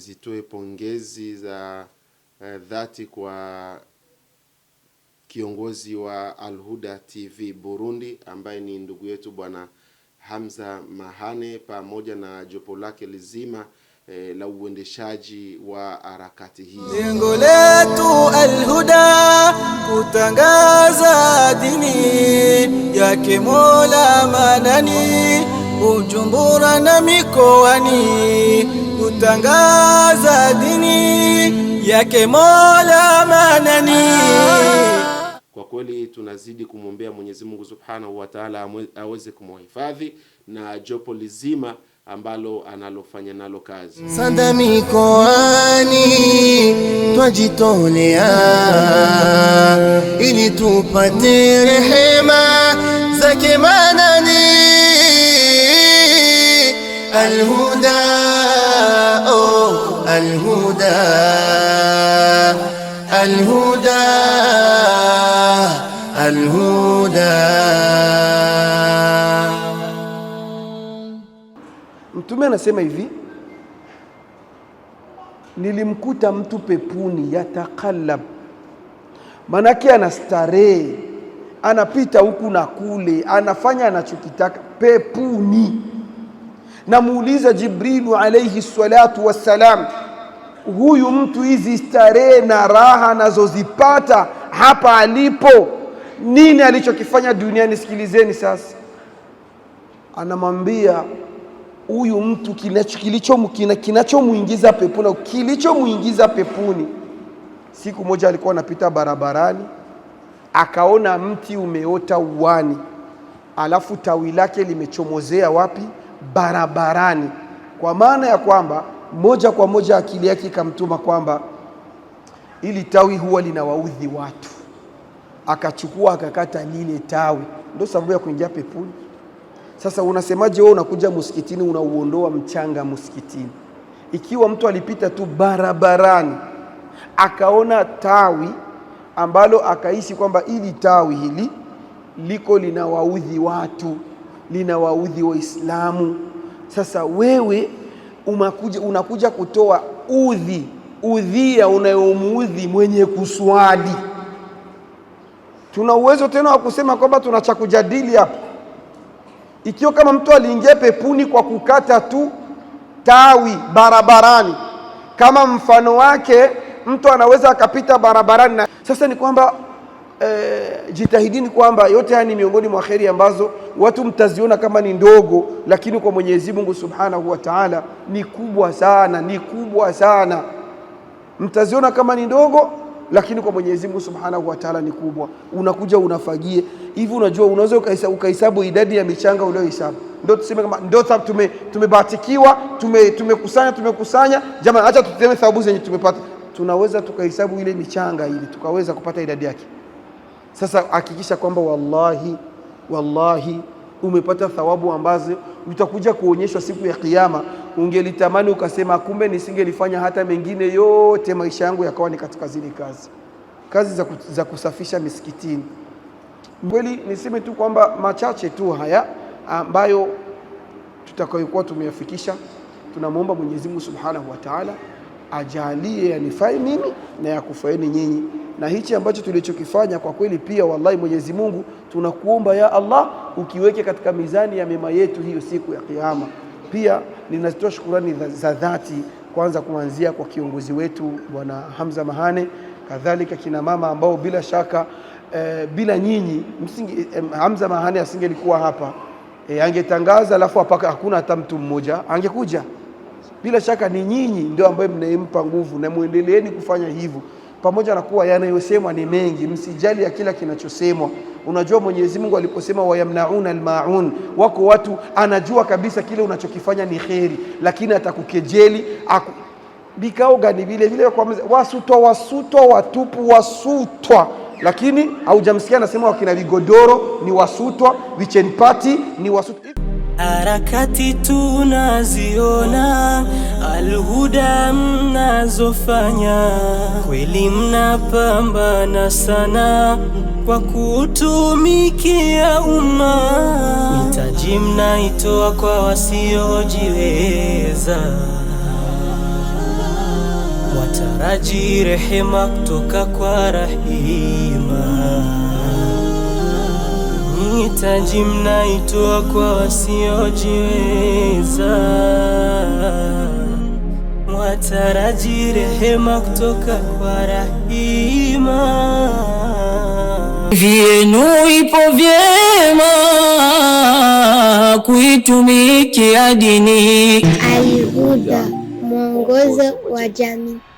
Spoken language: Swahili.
zitoe pongezi za uh, dhati kwa kiongozi wa Alhuda TV Burundi ambaye ni ndugu yetu bwana Hamza Mahane pamoja na jopo lake lizima eh, la uendeshaji wa harakati hii. Lengo letu Alhuda kutangaza dini yake Mola manani Ujumbura na mikoani kutangaza dini yake Mola Manani. Kwa kweli tunazidi kumwombea Mwenyezi Mungu Subhanahu wa Ta'ala aweze kumhifadhi na jopo lizima ambalo analofanya nalo kazi. Sanda mikoani twajitolea ili tupate rehema zake Manani alhuda الهدى الهدى الهدى. Mtume anasema hivi, nilimkuta mtu pepuni yatakalab, manake anastarehe, anapita huku na kule, anafanya anachokitaka pepuni. Namuuliza Jibrilu alaihi salatu wassalam huyu mtu hizi starehe na raha anazozipata hapa alipo, nini alichokifanya duniani? Sikilizeni sasa, anamwambia huyu mtu kinachomwingiza kinacho peponi, kilichomwingiza pepuni. Siku moja alikuwa anapita barabarani, akaona mti umeota uwani, alafu tawi lake limechomozea wapi? Barabarani, kwa maana ya kwamba moja kwa moja akili yake ikamtuma kwamba ili tawi huwa linawaudhi watu, akachukua akakata lile tawi, ndio sababu ya kuingia pepuni Sasa unasemaje wewe, unakuja msikitini unauondoa mchanga msikitini, ikiwa mtu alipita tu barabarani akaona tawi ambalo akaishi kwamba ili tawi hili liko linawaudhi watu, linawaudhi Waislamu. Sasa wewe umakuja, unakuja kutoa udhi udhia unayomuudhi mwenye kuswali. Tuna uwezo tena wa kusema kwamba tuna cha kujadili hapa. Ikiwa kama mtu aliingia pepuni kwa kukata tu tawi barabarani, kama mfano wake mtu anaweza akapita barabarani na sasa ni kwamba Eh, jitahidini kwamba yote haya ni miongoni mwa kheri ambazo watu mtaziona kama ni ndogo, lakini kwa Mwenyezi Mungu Subhanahu wa Ta'ala ni kubwa sana, ni kubwa sana. Mtaziona kama ni ndogo, lakini kwa Mwenyezi Mungu Subhanahu wa Ta'ala ni kubwa. Unakuja unafagie hivi, unajua unaweza ukahesabu idadi ya michanga uliyohesabu, ndio tuseme kama ndio sababu tume tumebahatikiwa tume tumekusanya tumekusanya. Jamani, acha tuseme sababu zenye tumepata, tunaweza tukahesabu ile michanga ile tukaweza kupata idadi yake. Sasa hakikisha kwamba wallahi, wallahi umepata thawabu ambazo utakuja kuonyeshwa siku ya Kiyama. Ungelitamani ukasema, kumbe nisingelifanya hata mengine yote, maisha yangu yakawa ni katika zile kazi kazi za, za kusafisha misikitini. Kweli niseme tu kwamba machache tu haya ambayo tutakayokuwa tumeyafikisha, tunamwomba Mwenyezi Mungu Subhanahu wa Ta'ala ajalie yanifai mimi na yakufaeni nyinyi na hichi ambacho tulichokifanya kwa kweli, pia wallahi, Mwenyezi Mungu tunakuomba ya Allah ukiweke katika mizani ya mema yetu hiyo siku ya Kiyama. Pia ninatoa shukurani za dhati kwanza kuanzia kwa kiongozi wetu Bwana Hamza Mahane, kadhalika kina mama ambao bila shaka e, bila nyinyi msingi, e, Hamza Mahane asingelikuwa hapa e, angetangaza alafu apaka hakuna hata mtu mmoja angekuja. Bila shaka ni nyinyi ndio ambao mnaimpa nguvu na muendeleeni kufanya hivyo pamoja na kuwa yanayosemwa ni mengi, msijali ya kila kinachosemwa. Unajua Mwenyezi Mungu aliposema wayamnauna almaun, wako watu anajua kabisa kile unachokifanya ni kheri, lakini atakukejeli aku vikao gani vile vile, wasutwa wasutwa watupu wasutwa, lakini haujamsikia anasema wakina vigodoro ni wasutwa, vichenpati ni wasutwa. Harakati tunaziona Alhuda mnazofanya kweli, mnapambana sana kwa kutumikia umma. Mitaji mnaitoa kwa wasiojiweza, wataraji rehema kutoka kwa Rahima. Mitaji mnaitoa kwa wasiojiweza wataraji rehema kutoka kwa Rahima. Vyenu ipo vyema kuitumikia dini. Alhuda, mwongozo wa jamii.